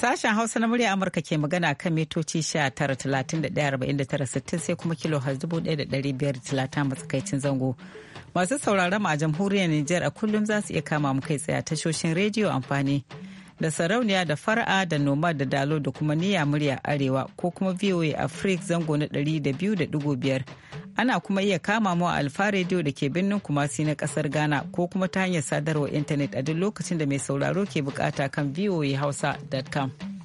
Sashen Hausa na murya Amurka ke magana kan mitoci 19,31,49,60 sai kuma kilo 1,530 matsakaicin zango. Masu sauraron a jamhuriyar Nijar a kullum za su iya kama mu kai tsaye tashoshin rediyo amfani da sarauniya da fara'a da noma da dalo da kuma niyya murya arewa ko kuma voa afrik zango na da da biyu biyar ana kuma iya kama mu a alfa rediyo da ke birnin kumasi na kasar ghana ko kuma ta hanyar sadarwar intanet a duk lokacin da mai sauraro ke bukata kan voahausa.com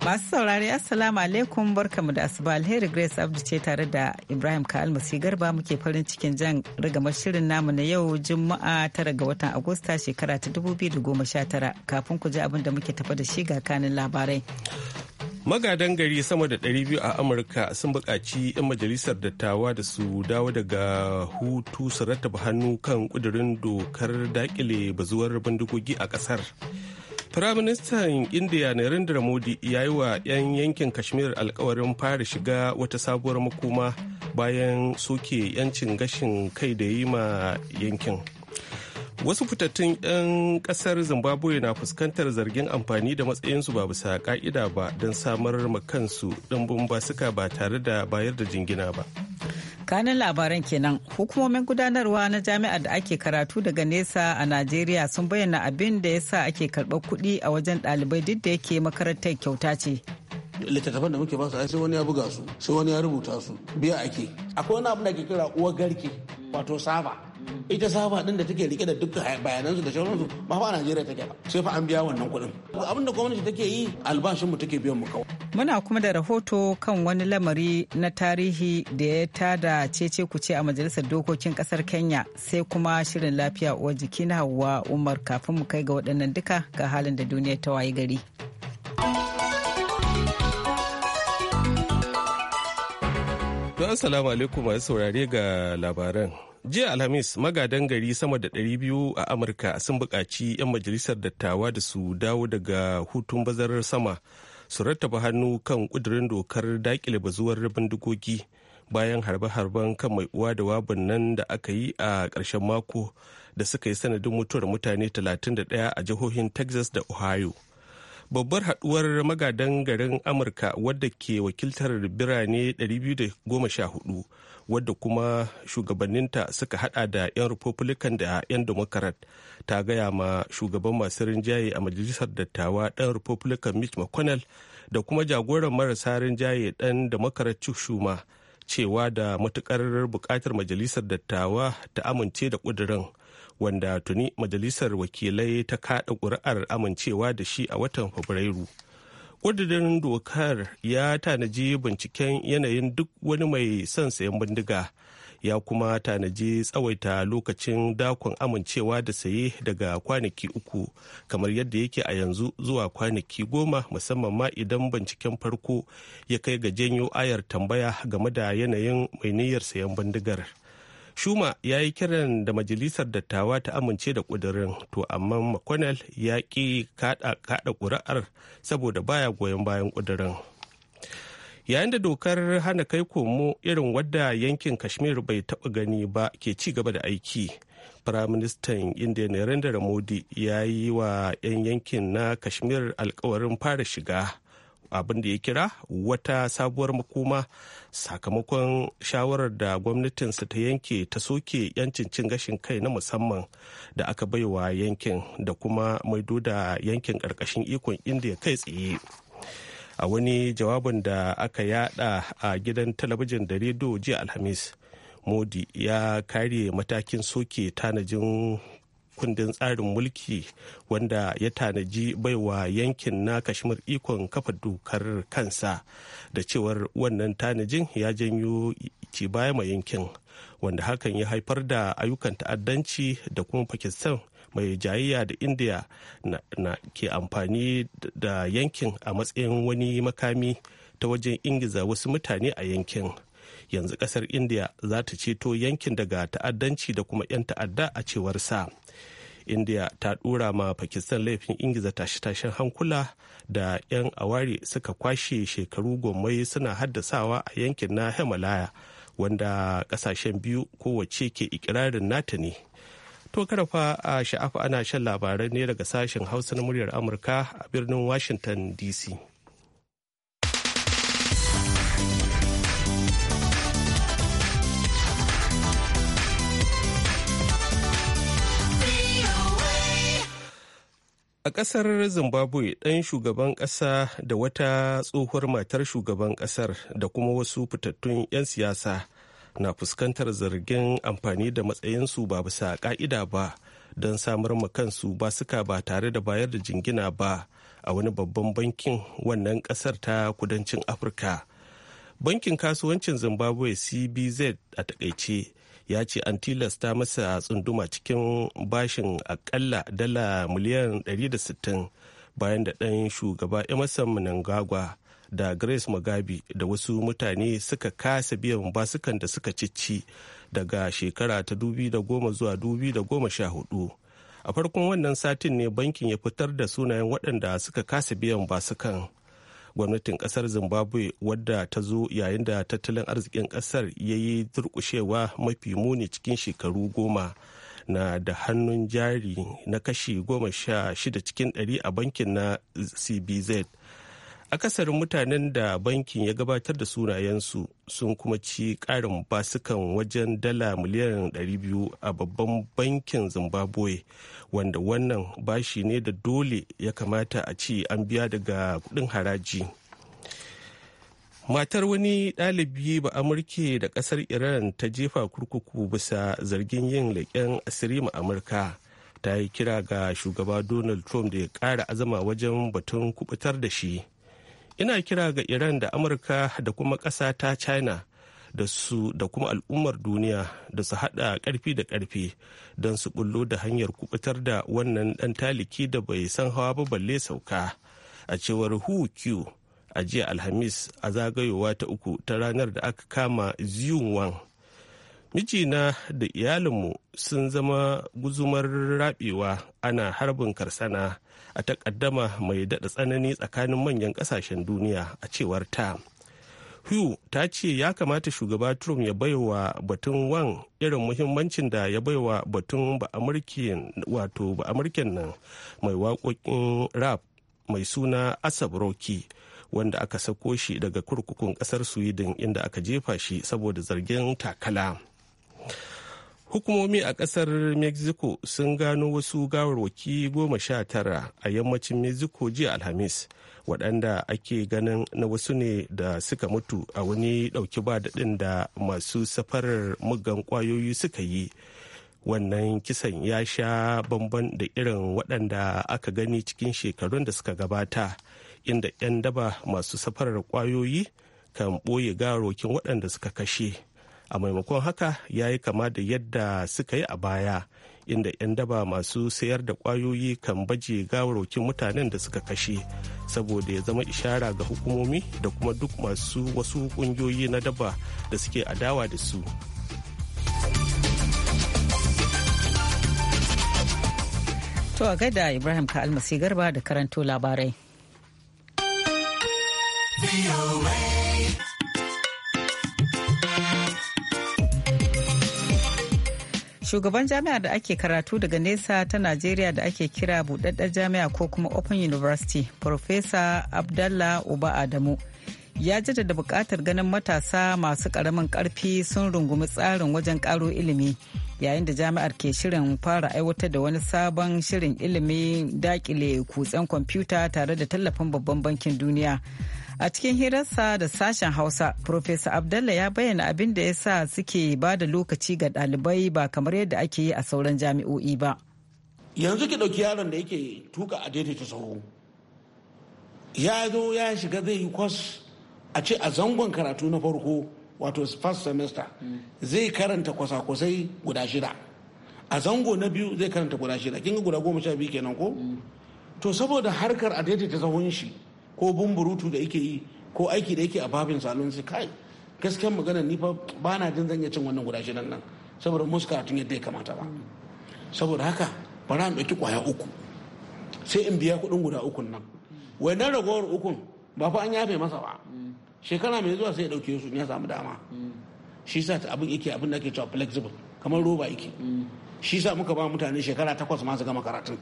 Masu saurari Assalamu alaikum barkamu da asuba alheri Grace Abdu ce tare da Ibrahim Ka'al Garba muke farin cikin jan rigamar shirin namu na yau Juma'a tara ga watan Agusta shekara ta 2019 kafin ku ji abin da muke tafa da shi ga kanin labarai. Magadan gari sama da ɗari biyu a Amurka sun buƙaci 'yan majalisar dattawa da su dawo daga hutu su rattaba hannu kan ƙudurin dokar daƙile bazuwar bindigogi a ƙasar. Firaministan Indiya Narendra Modi ya yi wa 'yan yankin Kashmir alkawarin fara shiga wata sabuwar makoma bayan soke 'yancin gashin kai da yi ma yankin. wasu fitattun 'yan kasar zimbabwe na fuskantar zargin amfani da matsayinsu ba bisa ka'ida ba don samar ma kansu ɗimbin basuka ba tare da bayar da jingina ba kanin labaran kenan hukumomin gudanarwa na jami'ar da ake karatu daga nesa a najeriya sun bayyana abin da ya sa ake karɓar kuɗi a wajen ɗalibai duk da yake makarantar kyauta ce littattafan da muke ba su sai wani ya buga su sai wani ya rubuta su biya ake akwai wani abu da ke kira uwar garke wato saba ita saba din da take rike da dukkan bayanansu da shauransu ba fa a Najeriya take ba sai fa an biya wannan kuɗin abin da gwamnati take yi albashin mu take biyan mu kawai muna kuma da rahoto kan wani lamari na tarihi da ya tada cece kuce a majalisar dokokin kasar Kenya sai kuma shirin lafiya uwar jiki na Hauwa Umar kafin mu kai ga waɗannan duka ga halin da duniya ta wayi gari Assalamu alaikum masu saurare ga labaran. jiya alhamis magadan gari sama da 200 a amurka sun buƙaci 'yan majalisar dattawa da su dawo daga hutun bazarar sama su rattaba hannu kan ƙudurin dokar dakile bazuwar bindigogi bayan harbe-harben kan mai uwa da wabin nan da aka yi a ƙarshen mako da suka yi sanadin mutuwar mutane 31 a jihohin texas da ohio babbar haduwar magadan garin amurka wadda ke wakiltar birane 214 wadda kuma shugabanninta suka hada da 'yan republican da 'yan democrat ta gaya ma shugaban masu rinjaye a majalisar dattawa dan republican mitch mcconnell da kuma jagoran marasa rinjaye dan democrat chuck schumer cewa da matukar bukatar majalisar dattawa ta amince da kudirin wanda tuni majalisar wakilai ta kada kuri'ar amincewa da shi a watan fabrairu. ƙudurin dokar ya tanaji binciken yanayin duk wani mai son sayan bindiga ya kuma tanaji tsawaita lokacin dakon amincewa da saye daga kwanaki uku kamar yadda yake a yanzu zuwa kwanaki goma musamman ma idan binciken farko ya kai ga janyo ayar tambaya game da yanayin mai niyyar sayan bindigar. Shuma ya yi kiran da majalisar dattawa ta amince da ƙudirin, to amma McConnell ya ƙi kaɗa ƙuri'ar saboda baya goyon bayan ƙudirin. Yayin da dokar hana kai komo irin wadda yankin Kashmir bai taɓa gani ba ke ci gaba da aiki. Firaministan Indiya Narendra Modi ya yi wa 'yan yankin na Kashmir alkawarin fara shiga. abin da ya kira wata sabuwar makoma sakamakon shawarar da gwamnatinsa ta yanke ta soke yancin cin gashin kai na musamman da aka baiwa yankin da kuma mai da yankin ƙarƙashin ikon indiya kai tsaye a wani jawabin da aka yada a gidan talabijin da rediyo jiya alhamis modi ya kare matakin soke tanajin kundin tsarin mulki wanda ya tanaji baiwa yankin na kashmir ikon kafa dokar kansa da cewar wannan tanajin ya janyo ci baya ma yankin wanda hakan ya haifar da ayyukan ta'addanci da kuma pakistan mai jayayya da india na, ke amfani da yankin a matsayin wani makami ta wajen ingiza wasu mutane a yankin. yanzu kasar india za ta ceto yankin daga ta'addanci da kuma 'yan ta'adda a cewar sa india ta dura ma pakistan laifin ingiza tashe-tashen hankula da 'yan aware suka kwashe shekaru gomai suna haddasawa a yankin na himalaya wanda kasashen biyu kowace ke ikirarin nata ne to karfa a sha'afa ana shan labarai ne daga sashen hausa na muryar amurka a birnin washington dc A ƙasar Zimbabwe ɗan shugaban ƙasa da wata tsohuwar matar shugaban ƙasar da kuma wasu fitattun 'yan siyasa na fuskantar zargin amfani da matsayinsu ba bisa ƙa'ida ba don samar ma kansu ba suka ba tare da bayar da jingina ba a wani babban bankin wannan ƙasar ta kudancin Afirka. Bankin kasuwancin Zimbabwe CBZ a takaice ya ce an tilasta masa tsunduma cikin bashin akalla dala miliyan 160 bayan da ɗan shugaba emerson mnangagwa da grace mugabe da wasu mutane suka kasa biyan basukan da suka cici daga shekara ta 2010 zuwa 2014 a farkon wannan satin ne bankin ya fitar da sunayen waɗanda suka kasa biyan basukan gwamnatin kasar zimbabwe wadda ta zo yayin da tattalin arzikin kasar ya yi durkushewa mafi muni cikin shekaru goma na da hannun jari na kashi goma sha shida cikin ɗari a bankin na cbz akasarin mutanen da bankin ya gabatar da sunayensu sun kuma ci ƙarin basukan wajen dala miliyan 200 a babban bankin zimbabwe wanda wannan bashi ne da dole ya kamata a ci an biya daga kudin haraji matar wani ɗalibi ba amurke da ƙasar iran ta jefa kurkuku bisa zargin yin leƙen asiri ma amurka ta yi kira ga shugaba donald trump da ya ƙara azama wajen batun kubutar da shi ina kira ga iran da amurka da kuma ƙasa ta china da su da kuma al'ummar duniya da su haɗa ƙarfi da ƙarfi don su bullo da hanyar kubutar da wannan ɗan taliki da bai san hawa ba balle sauka a cewar hu a jiya alhamis a zagayowa ta uku ta ranar da aka kama ziyun wang mijina da iyalinmu sun zama guzumar rabewa ana harbin karsana a takaddama mai daɗa tsanani tsakanin manyan ƙasashen duniya a cewar ta hu ta ce ya kamata shugaba trump ya baiwa batun wan irin muhimmancin da ya baiwa batun wato ba'amurken nan mai waƙoƙin rap mai suna asab rocky wanda aka sako shi daga kurkukun ƙasar sweden inda aka jefa shi saboda zargin takala hukumomi a kasar mexico sun gano wasu gawarwaki goma sha tara a yammacin mexico jiya alhamis waɗanda ake ganin na wasu ne da suka mutu a wani ɗauki ba daɗin da masu safarar muggan ƙwayoyi suka yi wannan kisan ya sha bamban da irin waɗanda aka gani cikin shekarun da suka gabata inda 'yan daba masu safarar ƙwayoyi kan ɓoye gawarwakin waɗanda suka kashe a maimakon haka ya yi kama da yadda suka yi a baya inda 'yan daba masu sayar da kwayoyi kan baje gawarwakin mutanen da suka kashe saboda ya zama ishara ga hukumomi da kuma duk masu wasu kungiyoyi na daba da suke adawa da su to a gaida ibrahim ka almasi garba da karanto labarai shugaban jami'a da ake karatu daga nesa ta najeriya da ake kira buɗaɗɗen jami'a ko kuma open university professor abdallah uba adamu ya jaddada bukatar ganin matasa masu ƙaramin ƙarfi sun rungumi tsarin wajen ƙaro ilimi yayin da jami'ar ke shirin fara aiwatar da wani sabon shirin ilimi dakile kutsen kwamfuta tare da tallafin babban bankin duniya A cikin hirarsa da sashen Hausa, Profesa Abdallah ya bayyana abin da ya sa suke ba da lokaci ga ɗalibai ba kamar yadda ake yi a sauran jami'o'i ba. Yanzu ki ɗauki yaron da yake tuka a daidaita sauro. Ya zo ya shiga zai yi kwas a ce a zangon karatu na farko wato first semester zai karanta kwasa-kwasai guda shida. A zango na biyu zai karanta guda shida. Kin ga guda goma sha biyu kenan ko? To saboda harkar a daidaita sahun shi. ko bumburutu da yake yi ko aiki da yake a babin salon sai kai gaskiyar magana ni fa ba na jin zanya cin wannan guda shidan nan saboda muska tun yadda ya kamata ba saboda haka bara in ɗauki kwaya uku sai in biya kuɗin guda ukun nan wai nan ragowar ukun ba fa an yafe masa ba shekara mai zuwa sai ya dauke su ya samu dama shi sa ta abin yake abin da ake cewa flexible kamar roba yake shi sa muka ba mutane shekara takwas masu gama karatun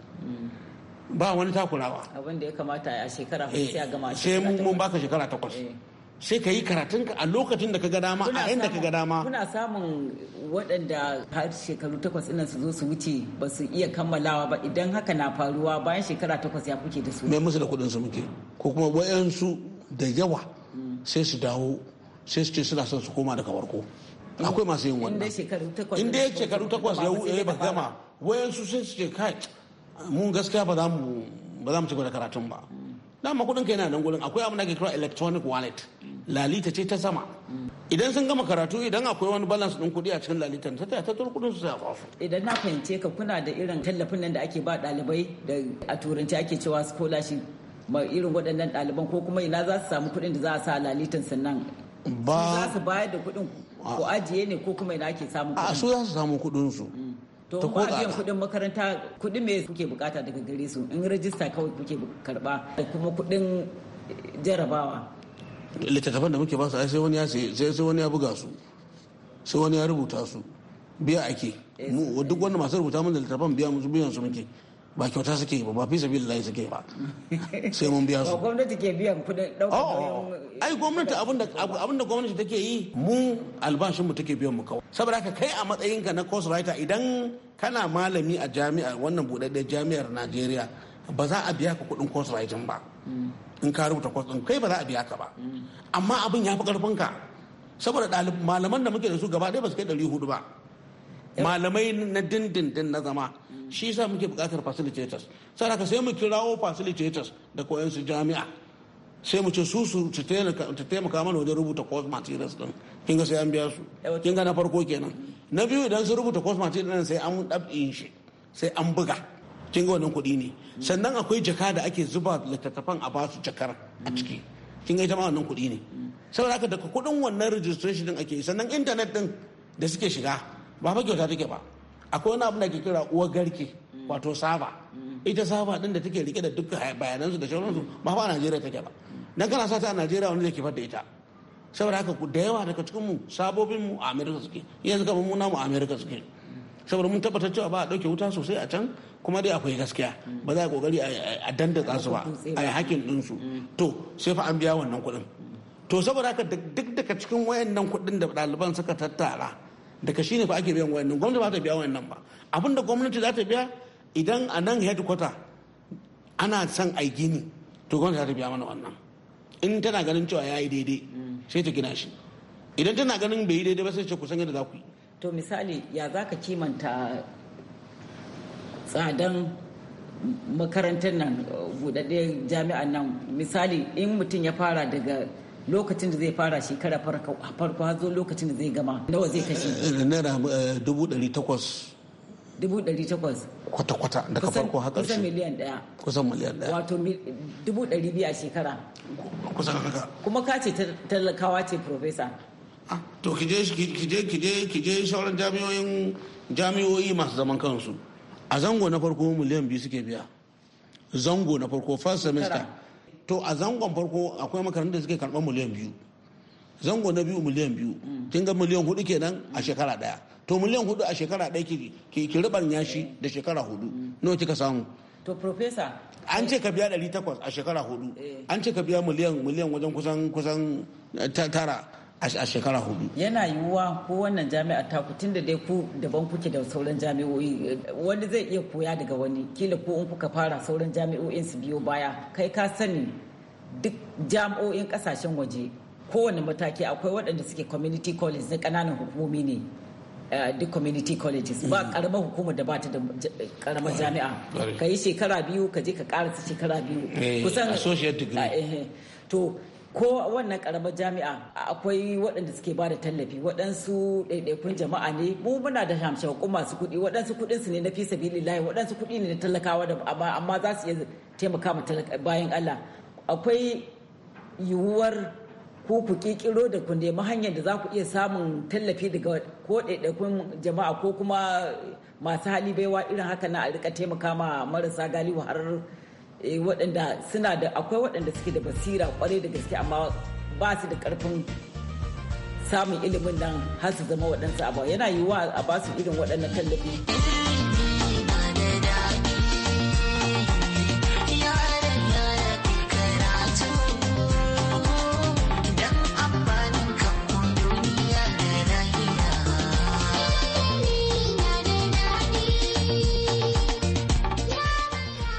ba wani takurawa abin da ya kamata a shekara hudu eh, sai a gama sai mun baka shekara takwas eh. sai ka yi karatun a lokacin da ka ga dama a yadda ka ga dama kuna samun waɗanda har shekaru takwas ina su zo su wuce ba su iya kammalawa ba idan haka na faruwa bayan shekara takwas ya kuke da su mai musu da kuɗin su muke ko kuma wayansu da yawa mm. sai su dawo sai su ce suna son su koma daga farko akwai masu yin wannan in dai shekaru takwas ya wuce eh, ba gama wayansu sai su ce kai mun gaskiya ba za mu ba za mu ci gaba da karatun ba dama kuɗin ka yana nan gurin akwai abin da ake kira electronic wallet lalita ce ta sama idan sun gama karatu idan akwai wani balance din kuɗi a cikin lalitan ta ta tar kudin su sai a kwasu idan na fahimce ka kuna da irin tallafin nan da ake ba ɗalibai da a turanci ake cewa scholarship ma irin waɗannan ɗaliban ko kuma ina za su samu kuɗin da za a sa lalitan sannan ba za su bayar da kuɗin ko ajiye ne ko kuma ina ake samu kuɗin a su za su samu kuɗin su to ko biyan kuɗin makaranta kuɗin me kuke bukata daga gare su in rajista kawai kuke karba da kuma kuɗin jarabawa littattafan da muke ba su ai sai wani ya sai sai wani ya buga su sai wani ya rubuta su biya ake eh, duk wanda masu rubuta mun da littattafan biya musu biyan su muke ba kyauta suke ba ba fi layi suke ba sai mun biya su gwamnati ke biyan kudin daukar oh, ai gwamnati abinda gwamnati take yi mu albashin mu take biyan mu kawai saboda haka kai a matsayin ka na course writer idan kana malami a jami'a wannan budaddiyar jami'ar Najeriya ba za a biya ka kudin course writing ba in ka rubuta course din kai ba za a biya ka ba amma abin ya fi karfin ka saboda malaman da muke da su gaba ɗaya ba su kai 400 ba malamai na dindindin na zama shi sa muke bukatar facilitators sai ka sai mu kirawo facilitators da koyon su jami'a sai mu ce su su ta taimaka mana wajen rubuta course materials din kin ga sai an biya su kin ga na farko kenan na biyu idan sun rubuta course materials din sai an dab'in shi sai an buga kin ga wannan kuɗi ne sannan akwai jaka da ake zuba littattafan a basu jakar a ciki kin ga ita ma wannan kuɗi ne saboda haka daga kuɗin wannan registration din ake sannan internet din da suke shiga ba fa kyauta take ba akwai wani abu da ke kira uwar garke wato saba ita saba din da take rike da bayanan bayanansu da shauransu ba fa a najeriya take ba na kana sa ta a najeriya wani zai da ita saboda haka da yawa daga cikin mu sabobin mu a america suke yanzu kamar mu a america suke saboda mun tabbatar cewa ba a dauke wuta sosai a can kuma dai akwai gaskiya ba za a kokari a dandatsa su ba a yi hakin ɗinsu to sai fa an biya wannan kuɗin to saboda haka duk daga cikin wayannan kuɗin da ɗaliban suka tattara daga shine fa ake biyan wayannan gwamnati ba ta biya wayannan ba abin da gwamnati za ta biya idan a nan headquarter ana son a gini to gwamnati za ta biya mana wannan in tana ganin cewa ya yi daidai sai ta gina shi idan tana ganin bai yi daidai ba sai ce kusan yadda za ku yi to misali ya za ka kimanta tsadan makarantar nan budadde jami'an nan misali in mutum ya fara daga lokacin da zai fara shekara farko har zo lokacin da zai gama nawa zai kashe eh, eh, naira eh, dubu ɗari takwas dubu ɗari takwas kwata-kwata daga farko har ƙarshe kusan miliyan ɗaya kusan miliyan ɗaya wato dubu ɗari biyu a shekara kusan haka kuma ka ce talakawa ce profesa ah, to kije kije kije kije sauran jami'oyin jami'oyi masu zaman kansu a zango na farko miliyan biyu suke biya zango na farko first semester to a zangon farko akwai makarantar da suke karɓar miliyan biyu zango na biyu miliyan biyu mm. kin ga miliyan hudu kenan a shekara daya to miliyan hudu a shekara daya ki ki ribanya shi da shekara hudu mm. nawa kika samu to professor an ce ka biya 800 a shekara hudu eh. an ce ka biya miliyan miliyan wajen kusan kusan eh, tara a shekara hudu. Yana yiwuwa ko wannan jami'a ta ku tunda dai ku daban kuke da sauran jami'o'i wani zai iya koya daga wani kila ko in kuka fara sauran jami'o'in su biyo baya kai ka sani duk jami'o'in kasashen waje kowane mataki akwai waɗanda suke community college na ƙananan hukumomi ne eh, duk community colleges ba karamar mm. hukumar da ba ta da karamar jami'a ka yi shekara biyu ka je ka karasa shekara biyu eh, kusan associate degree eh, to ko wannan karamar jami'a akwai waɗanda suke ba da tallafi waɗansu ɗaiɗaikun jama'a ne mu muna da hamshaku masu kuɗi waɗansu kuɗin su ne na fi sabili layi waɗansu kuɗi ne na talakawa da amma za su iya taimaka ma bayan Allah akwai yiwuwar ku ku kikiro da ku nemi hanyar da za ku iya samun tallafi daga ko ɗaiɗaikun jama'a ko kuma masu hali baiwa irin haka na a rika taimaka ma marasa galihu har Eh, waɗanda suna da akwai waɗanda suke da basira kwarai da gaske amma ba su da ƙarfin samun ilimin nan har su zama waɗansu abu yana yiwuwa a ba su irin waɗannan tallafi.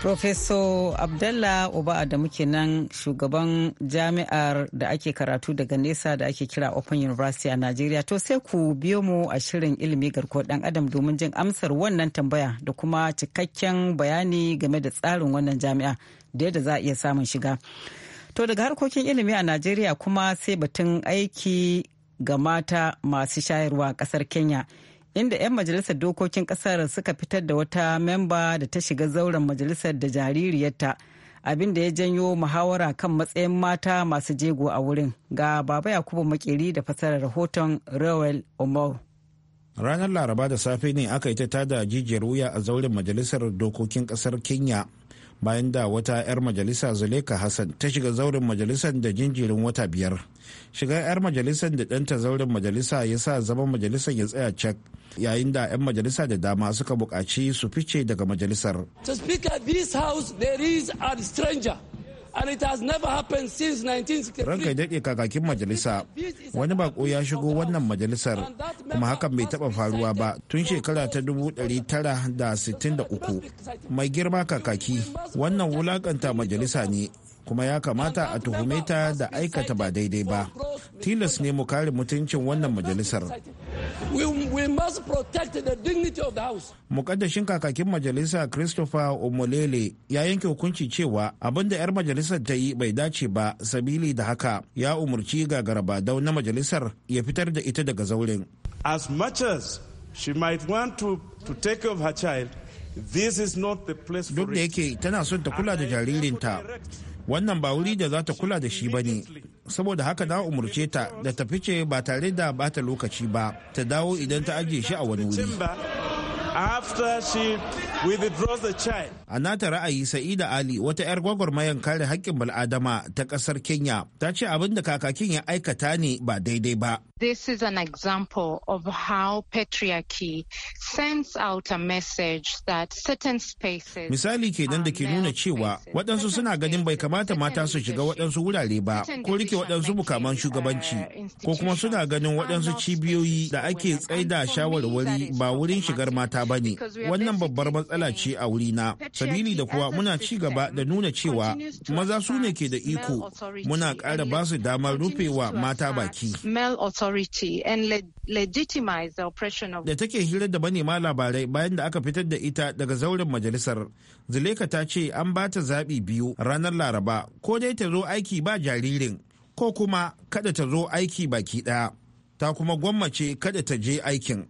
Profeso Abdallah Oba da muke nan shugaban jami'ar da ake karatu daga nesa da ake kira Open University a Najeriya. To sai ku biyo mu a shirin ilimi garkuwar ɗan adam domin jin amsar wannan tambaya da kuma cikakken bayani game da tsarin wannan jami'a da yadda za a iya samun shiga. To daga harkokin ilimi a Najeriya kuma sai batun aiki ga mata masu shayarwa a ƙasar Kenya. inda 'yan majalisar dokokin kasar suka fitar da wata memba da ta shiga zauren majalisar da jaririyarta abin da ya janyo muhawara kan matsayin mata masu jego a wurin ga baba yakubu makeri da fasarar rahoton rowell omar ranar laraba da safe ne aka yi ta tada jijiyar wuya a zauren majalisar dokokin kasar kenya bayan da wata 'yar majalisa zuleka hassan ta shiga zaurin majalisar da jinjirin wata biyar shiga 'yar majalisar da ɗanta zaurin majalisa ya sa zaman majalisar ya tsaya cak yayin da 'yan majalisa da dama suka buƙaci su fice daga majalisar. to speaker this house there is a stranger and it has never happened since 1963. Ranka daɗe kakakin majalisa wani bako ya shigo wannan majalisar kuma hakan bai taɓa faruwa ba tun shekara ta 1963. Mai girma kakaki wannan wulakanta majalisa ne kuma ya kamata a tuhume ta da aikata ba daidai ba tilas ne mu kare mutuncin wannan majalisar kaddashin kakakin majalisa christopher omolele ya yanke hukunci cewa abin da 'yar majalisar ta yi bai dace ba sabili da haka ya umarci gagaraba dau na majalisar ya fitar da ita daga zauren as much as she might want to, to take of her child Duk da yake tana son ta kula da jaririnta, wannan ba wuri da za ta kula da shi ba ne saboda haka na umarce ta da ta fice ba tare da bata lokaci ba ta dawo idan ta ajiye shi a wani wuri A nata ra'ayi Sa'ida Ali wata 'yar gwagwarmayan kare haƙƙin bal'adama ta ƙasar Kenya ta ce abin da kakakin ya aikata ne ba daidai ba This is an example of how patriarchy sends out a message that certain spaces Misali kenan da ke nuna cewa waɗansu suna ganin bai kamata mata su shiga waɗansu wurare ba ko rike waɗansu bukaman shugabanci uh, ko kuma suna ganin waɗansu cibiyoyi da ake tsaida shawarwari ba wurin shigar mata ba ne. Wannan babbar matsala ce a wurina. Sabili da kuwa muna ci gaba da nuna cewa maza su ne ke da iko muna ƙara ba su damar rufewa mata baki. authority and le legitimize the oppression of. Da take hira da manema labarai bayan da aka fitar da ita daga zauren majalisar, Zuleka ta ce an ba ta zaɓi biyu ranar Laraba ko dai ta zo aiki ba jaririn ko kuma kada ta zo aiki baki ɗaya. Ta kuma gwammace kada ta je aikin.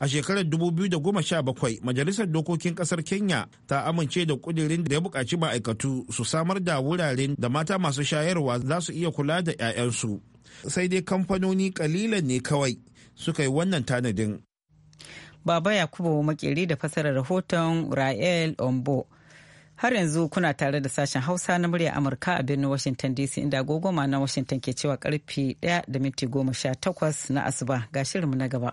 A shekarar 2017, Majalisar Dokokin Kasar Kenya ta amince da kudirin da ya buƙaci ma'aikatu su samar da wuraren da mata masu shayarwa za su iya kula da 'ya'yansu. sai dai kamfanoni kalilan ne kawai suka yi wannan tanadin baba yakubu makeri da fasarar rahoton rael ombo har yanzu kuna tare da sashen hausa na murya amurka a birnin washington dc inda agogoma na washington ke cewa karfe 1 da minti 18 na asuba ga shirinmu na gaba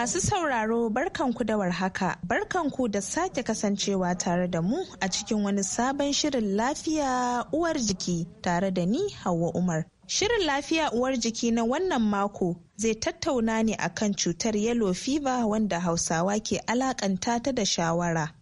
Masu sauraro barkanku da warhaka, barkanku da sake kasancewa tare da mu a cikin wani sabon shirin lafiya uwar jiki tare da ni Hauwa Umar. Shirin lafiya uwar jiki na wannan mako zai tattauna ne akan cutar yellow fever wanda Hausawa ke alakanta ta da shawara.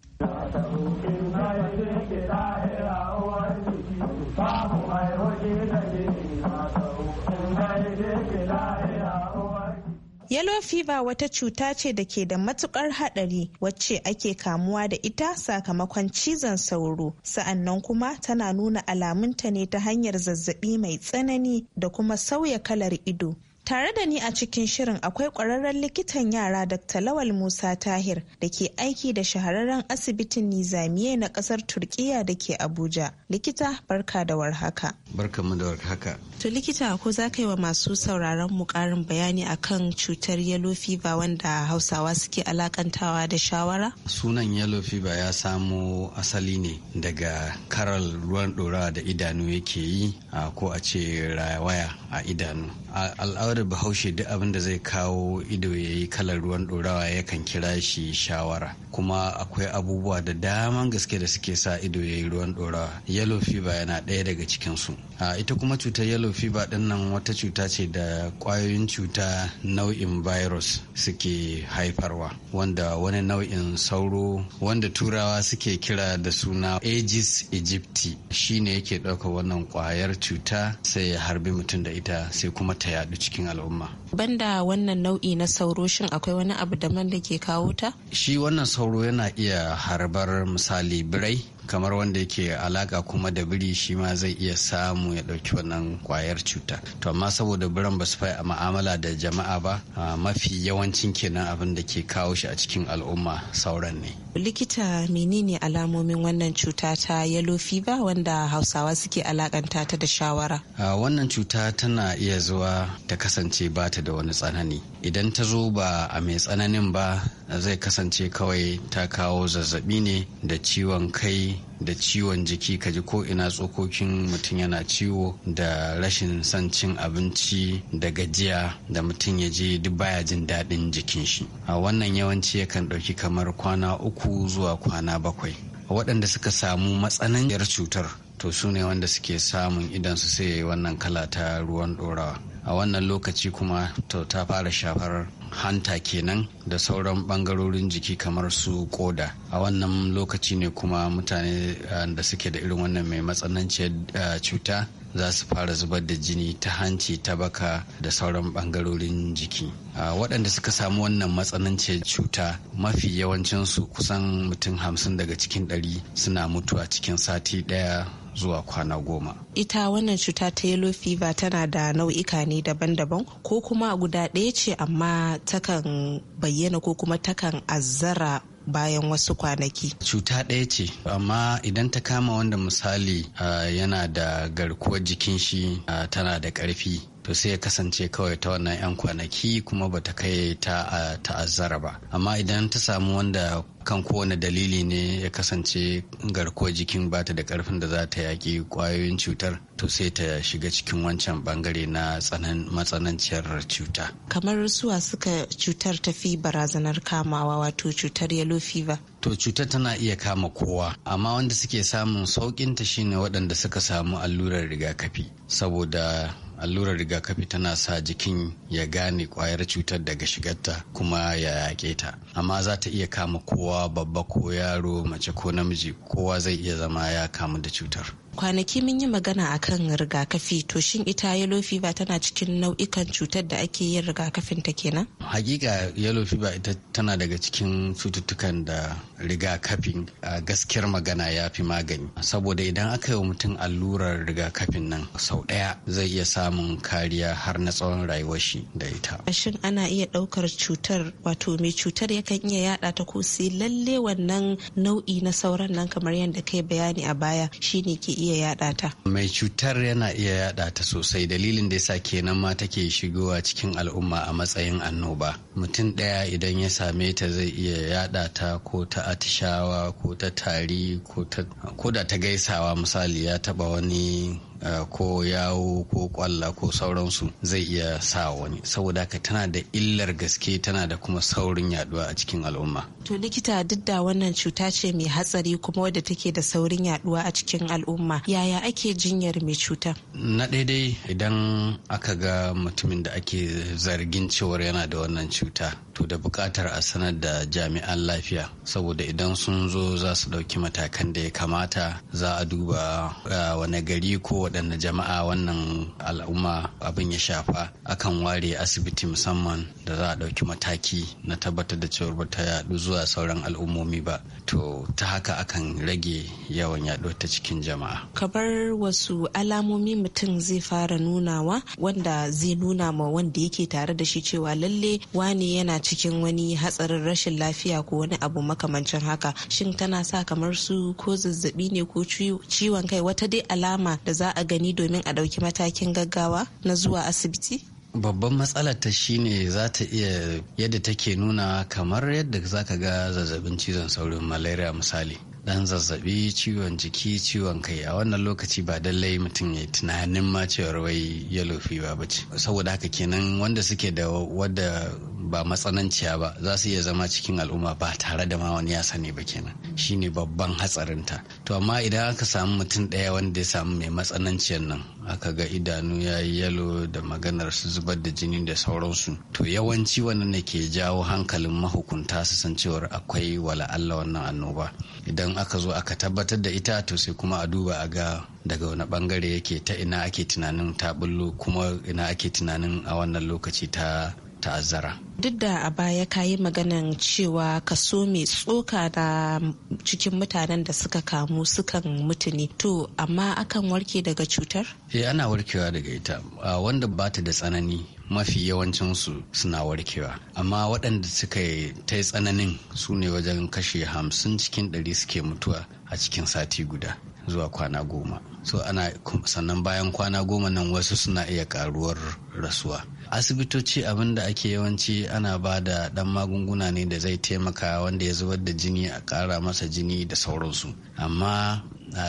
Yellow fever wata cuta ce da ke da matukar hadari wacce ake kamuwa da ita sakamakon cizon sauro. Sa'annan kuma tana nuna alamunta ne ta hanyar zazzabi mai tsanani da kuma sauya kalar ido. Tare da ni a cikin shirin akwai ƙwararren likitan yara Dr. Lawal Musa Tahir da ke aiki da shahararren asibitin Nizamiye na ƙasar Turkiyya da ke Abuja. Likita barka da warhaka. Barka mu da warhaka. To likita ko za ka yi wa masu sauraron mu ƙarin bayani akan cutar yellow fever wanda Hausawa suke alakantawa da shawara? Sunan yellow fever ya samo asali ne daga karal ruwan ɗorawa da idanu yake yi ko a ce rayawaya a idanu. A al'adar bahaushe duk abin da zai kawo ido ya yi kalar ruwan ɗorawa yakan kira shi shawara kuma akwai abubuwa da daman gaske da suke sa ido ya yi ruwan ɗorawa yellow fever yana ɗaya daga cikinsu ita kuma cutar yellow fever din nan wata cuta ce da kwayoyin cuta nau'in virus suke haifarwa wanda wani nau'in sauro wanda turawa suke kira da suna aegis aegypti shine yake ɗauka wannan kwayar cuta sai ya harbi mutum da ita sai kuma ta yadu cikin al'umma banda wannan nau'i na sauro shin akwai wani abu daban da ke kawo ta shi wannan sauro yana iya harbar misali birai kamar wanda yake alaka kuma da biri shi ma zai iya samu ya ɗauki wannan kwayar cuta to amma saboda biran ba su fai ma'amala da jama'a ba mafi yawancin kenan abin da ke kawo shi a cikin al'umma sauran ne likita menene alamomin wannan cuta ta yellow fever wanda hausawa suke alakanta ta da shawara wannan cuta tana iya zuwa ta kasance ba ta da wani tsanani idan ta zo ba a mai tsananin ba zai kasance kawai ta kawo zazzabi ne da ciwon kai da ciwon jiki ka ji ko ina tsokokin mutum yana ciwo da rashin son cin abinci da gajiya da mutum ya je duk baya jin daɗin jikin shi a wannan yawanci yakan ɗauki kamar kwana uku zuwa kwana bakwai waɗanda suka samu matsananciyar cutar to su ne wanda suke samun idan su sai wannan kala ta ruwan ɗorawa a wannan lokaci kuma to ta fara shafar hanta kenan da sauran bangarorin jiki kamar su koda a wannan lokaci ne kuma mutane eh, da suke da irin wannan mai matsananciyar eh, cuta za su fara zubar da jini ta hanci ta baka da sauran bangarorin jiki waɗanda suka samu wannan matsananciyar cuta mafi yawancinsu kusan mutum hamsin daga cikin ɗari suna mutuwa cikin sati ɗaya zuwa kwana goma. Ita wannan cuta ta yellow fever tana da nau'ika ne daban-daban ko kuma guda ɗaya ce amma takan bayyana ko kuma takan azzara bayan wasu kwanaki. Cuta ɗaya ce, amma idan ta kama wanda misali uh, yana da garkuwar jikin shi uh, tana da ƙarfi to sai ya kasance kawai ta wannan 'yan kwanaki kuma ba ta kai ta ta'azzara ba amma idan ta samu wanda kan kowane dalili ne ya kasance garkuwar jikin bata da karfin da za ta yaƙi kwayoyin cutar to sai ta shiga cikin wancan bangare na matsananciyar cuta kamar suwa suka cutar ta fi barazanar kamawa wato cutar yellow fever to cutar tana iya kama kowa amma wanda suke samun sauƙinta shine waɗanda suka samu allurar rigakafi saboda allurar rigakafi tana sa jikin ya gane kwayar cutar daga shigarta kuma ya yaƙe ta amma za ta iya kama kowa babba ko yaro mace ko namiji kowa zai iya zama ya kamu da cutar kwanaki mun yi magana a kan rigakafi to shin ita yellow fever tana cikin nau'ikan cutar da ake yin rigakafin ta kenan hakika yellow fever ita tana daga cikin cututtukan da rigakafin a gaskiyar magana ya fi magani saboda idan aka yi wa mutum allurar rigakafin nan sau ɗaya zai iya samun kariya har na tsawon rayuwar shi da ita shin ana iya ɗaukar cutar wato mai cutar yakan iya yada ta ko sai lalle wannan nau'i na sauran nan kamar yadda kai bayani a baya shine ke iya iya yada ta mai cutar yana iya yada ta sosai dalilin da yasa kenan ma take shigowa cikin al'umma a matsayin annoba mutum ɗaya idan ya same ta zai iya yada ta ko ta atishawa ko ta tari ko da ta gaisawa misali ya taba wani ko yawo ko kwalla ko sauransu zai iya sa wani saboda haka tana da illar gaske tana da kuma saurin yaduwa a cikin al'umma to likita duk da wannan cuta ce mai hatsari kuma wadda take da saurin yaduwa a cikin al'umma yaya ake jinyar mai cuta na daidai idan aka ga mutumin da ake zargin cewar yana da wannan cuta to da buƙatar a sanar da jami'an lafiya saboda idan sun zo za su ɗauki matakan da ya kamata za a duba wane gari ko waɗanne jama'a wannan al'umma abin ya shafa akan ware asibiti musamman da za a ɗauki mataki na tabbatar da cewar bata ta yaɗu zuwa sauran al'ummomi ba to ta haka akan rage yawan yaɗo ta cikin jama'a kabar wasu alamomi mutum zai fara nunawa wanda zai nuna ma wanda yake tare da shi cewa lalle wane yana cikin wani hatsarin rashin lafiya ko wani abu makamancin haka shin tana sa kamar su ko zazzabi ne ko ciwon kai wata dai alama da za a gani domin a ɗauki matakin gaggawa na zuwa asibiti babban matsalar ta shine za ta iya yadda take nuna kamar yadda za ka ga zazzabin cizon saurin malaria misali dan zazzabi ciwon jiki ciwon kai a wannan lokaci ba dallai mutum ya tunanin ma cewar wai yellow fever ba ce saboda haka kenan wanda suke da wadda ba matsananciya ba za su iya zama cikin al'umma ba tare da ma wani ya sani ba kenan shine babban hatsarinta to amma idan aka samu mutum daya wanda ya samu mai matsananciyar nan aka ga idanu ya yi yalo da maganar su zubar da jini da sauransu to yawanci wannan ne ke jawo hankalin mahukunta su san cewar akwai wala Allah wannan annoba idan aka zo aka tabbatar da ita to sai kuma a duba a ga daga wani bangare yake ta ina ake tunanin ta bullo kuma ina ake tunanin a wannan lokaci ta ta'azzara. Duk da a baya ka yi maganan cewa kaso mai tsoka na cikin mutanen da suka kamu sukan mutu To, amma akan warke daga cutar? Eh, ana warkewa daga ita. Ah, wanda ba ta da tsanani mafi yawancinsu suna warkewa. Amma waɗanda suka yi ta tsananin su ne wajen kashe hamsin cikin ɗari suke mutuwa a cikin sati guda zuwa kwana goma. So, ana sannan bayan kwana goma nan wasu suna iya ƙaruwar rasuwa. asibitoci abin da ake yawanci ana ba da dan magunguna ne da zai taimaka wanda ya zubar da jini a kara masa jini da sauransu amma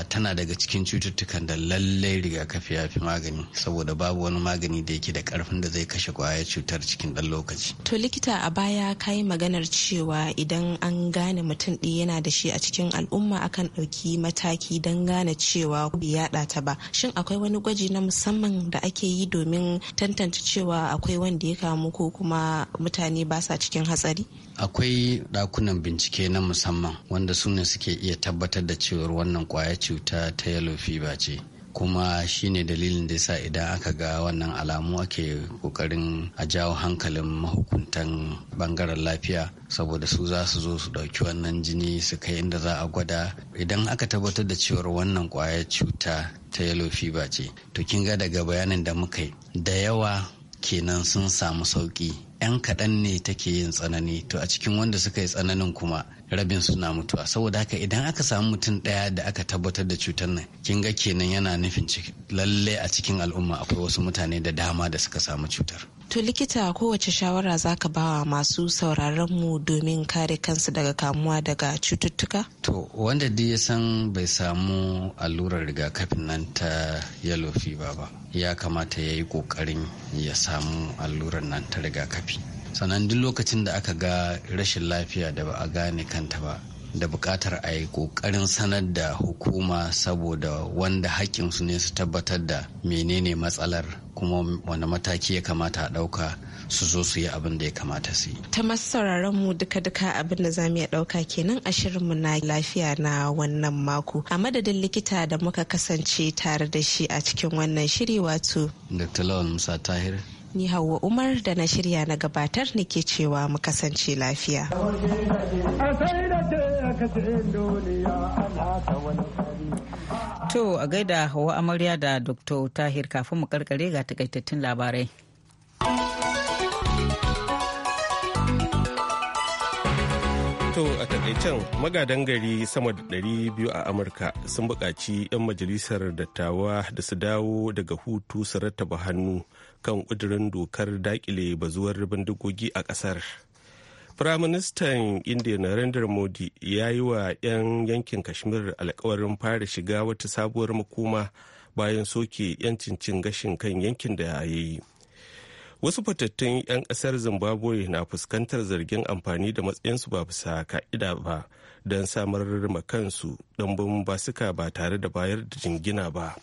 tana daga cikin cututtukan da lallai rigakafi ya fi magani saboda babu wani magani da yake da karfin da zai kashe kwayar cutar cikin dan lokaci. To likita a baya ka yi maganar cewa idan an gane mutum ɗi yana da shi a cikin al'umma akan ɗauki mataki don gane cewa bai yaɗa ta ba. Shin akwai wani gwaji na musamman da ake yi domin tantance cewa akwai wanda ya kamu ko kuma mutane ba sa cikin hatsari? akwai ɗakunan bincike na musamman wanda su ne suke iya tabbatar da cewar wannan kwaya cuta ta yellow fever ce kuma shine dalilin da yasa idan aka ga wannan alamu ake kokarin a jawo hankalin mahukuntan bangaren lafiya saboda su za su zo su dauki wannan jini su kai inda za a gwada idan aka tabbatar da cewar wannan kwayar cuta ta yellow fever ce to kin ga daga bayanin da muka yi da yawa kenan sun samu sauki 'yan kaɗan ne take yin tsanani to a cikin wanda suka yi tsananin kuma rabin suna mutuwa saboda haka idan aka samu mutum ɗaya da aka tabbatar da cutar nan kin ga kenan yana nufin lalle a cikin al'umma akwai wasu mutane da dama da suka samu cutar to likita kowace shawara zaka bawa masu sauraron mu domin kare kansu daga kamuwa daga cututtuka to wanda dai ya san bai samu allurar rigakafin nan ta yellow fever ba ya kamata ya yi ƙoƙarin ya samu allurar nan ta rigakafi sannan duk lokacin da aka ga rashin lafiya da ba a gane kanta ba da buƙatar a yi ƙoƙarin sanar da hukuma saboda wanda haƙƙinsu ne su tabbatar da menene matsalar kuma wani mataki ya kamata a ɗauka su zo su yi abin da ya kamata su yi. Ta masu sauraron mu duka-duka abin da za mu iya ɗauka kenan a shirinmu na lafiya na wannan mako. A madadin likita da muka kasance tare da shi a cikin wannan shiri wato. Dr. Lawal Musa Tahir. Ni Hauwa Umar da na shirya na gabatar nake cewa mu kasance lafiya. To a gaida Hauwa Amarya da Dr. Tahir kafin mu karkare ga takaitattun labarai. To a takaicen magadan gari sama da ɗari biyu a Amurka sun buƙaci 'yan majalisar dattawa da su dawo daga hutu su rattaba hannu kan ƙudurin dokar daƙile bazuwar bindigogi a ƙasar. Firaministan Indiya Narendra Modi ya yi wa 'yan yankin Kashmir alkawarin fara shiga wata sabuwar makoma bayan soke 'yancin cin gashin kan yankin da ya yi. wasu fatattun 'yan kasar zimbabwe na fuskantar zargin amfani da matsayinsu ba bisa ka'ida ba don samar kansu ɗanbin basuka ba tare da bayar da jingina ba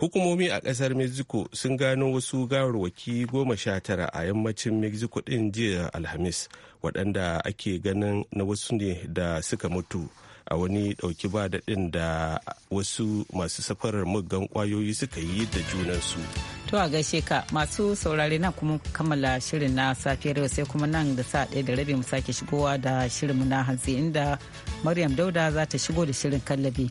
hukumomi a kasar mexico sun gano wasu gawarwaki goma sha tara a yammacin mexico ɗin jiya alhamis waɗanda ake ganin na wasu ne da suka mutu a wani ɗauki ba daɗin da wasu masu safarar muggan kwayoyi suka yi da junansu. To a gaishe ka masu saurare na kuma kammala shirin na safiyar yau sai kuma nan da sa ɗaya da rabi mu sake shigowa da shirin mu na hanzi inda Maryam Dauda za ta shigo da shirin kallabi.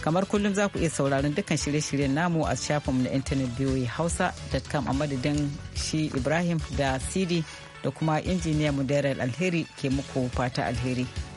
kamar kullum za ku iya sauraron dukkan shirye-shiryen namu a shafin mu na intanet hausa hausa.com a madadin shi ibrahim da sidi da kuma injiniya mu alheri ke muku fata alheri.